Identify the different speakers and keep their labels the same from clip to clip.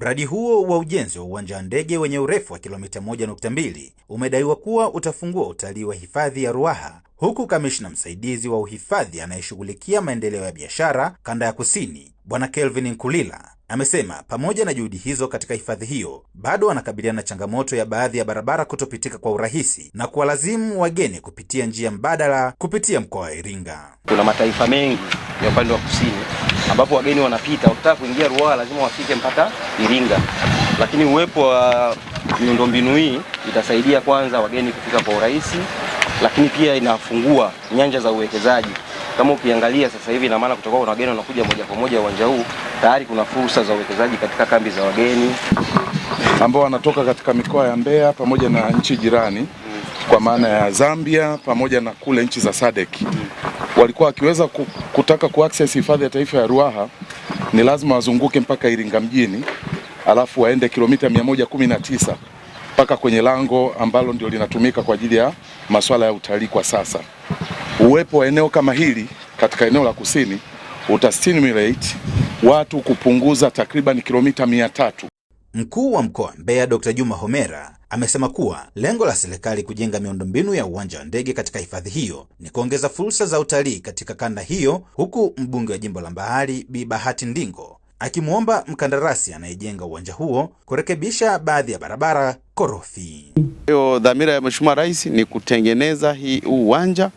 Speaker 1: Mradi huo wa ujenzi wa uwanja wa ndege wenye urefu wa kilomita 1.2 umedaiwa kuwa utafungua utalii wa hifadhi ya Ruaha, huku kamishna msaidizi wa uhifadhi anayeshughulikia maendeleo ya biashara kanda ya kusini Bwana Kelvin Nkulila amesema pamoja na juhudi hizo katika hifadhi hiyo bado wanakabiliana na changamoto ya baadhi ya barabara kutopitika kwa urahisi na kuwalazimu wageni kupitia njia mbadala kupitia mkoa wa Iringa.
Speaker 2: Kuna mataifa mengi ya upande wa kusini ambapo wageni wanapita, wakitaka kuingia Ruaha lazima wafike mpaka Iringa. Lakini uwepo wa miundombinu hii itasaidia kwanza wageni kufika kwa urahisi, lakini pia inafungua nyanja za uwekezaji. Kama ukiangalia sasa hivi, ina maana kutoka na wageni wanakuja moja kwa moja uwanja huu, tayari kuna fursa za uwekezaji katika kambi za wageni
Speaker 3: ambao wanatoka katika mikoa ya Mbeya pamoja na nchi jirani kwa maana ya Zambia pamoja na kule nchi za SADC walikuwa wakiweza kutaka kuaccess hifadhi ya taifa ya Ruaha ni lazima wazunguke mpaka Iringa mjini, alafu waende kilomita 119 mpaka kwenye lango ambalo ndio linatumika kwa ajili ya masuala ya utalii kwa sasa. Uwepo wa eneo kama hili katika eneo la kusini utastimulate watu kupunguza takriban kilomita mia tatu.
Speaker 1: Mkuu wa Mkoa Mbeya Dr. Juma Homera amesema kuwa lengo la serikali kujenga miundombinu ya uwanja wa ndege katika hifadhi hiyo ni kuongeza fursa za utalii katika kanda hiyo, huku mbunge wa jimbo la Mbahari Bi Bahati Ndingo akimwomba mkandarasi anayejenga uwanja huo kurekebisha baadhi ya barabara korofi.
Speaker 4: Hiyo dhamira ya Mheshimiwa Rais ni kutengeneza hii uwanja,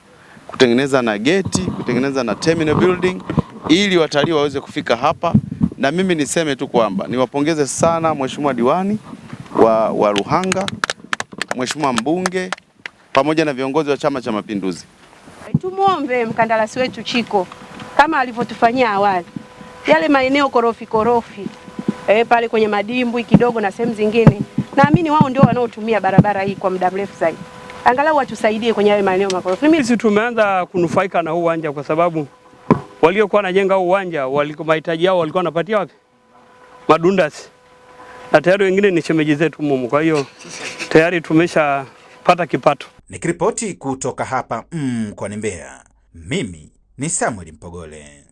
Speaker 4: kutengeneza na geti, kutengeneza na terminal building ili watalii waweze kufika hapa na mimi niseme tu kwamba niwapongeze sana mheshimiwa diwani wa, wa Ruhanga, mheshimiwa mbunge pamoja na viongozi wa Chama cha Mapinduzi.
Speaker 5: Tumwombe mkandarasi wetu Chiko kama alivyotufanyia awali, yale maeneo korofi korofi e, pale kwenye madimbwi kidogo na sehemu zingine, naamini wao ndio wanaotumia barabara hii kwa muda mrefu zaidi, angalau watusaidie kwenye yale maeneo makorofi.
Speaker 6: Mimi tumeanza kunufaika na huu uwanja kwa sababu waliokuwa wanajenga uwanja walikuwa mahitaji yao walikuwa wanapatia wapi? Madundasi, na tayari wengine ni shemeji zetu mumu. Kwa hiyo tayari tumeshapata kipato.
Speaker 1: Nikiripoti kutoka hapa mkoani mm, Mbeya, mimi ni Samuel Mpogole.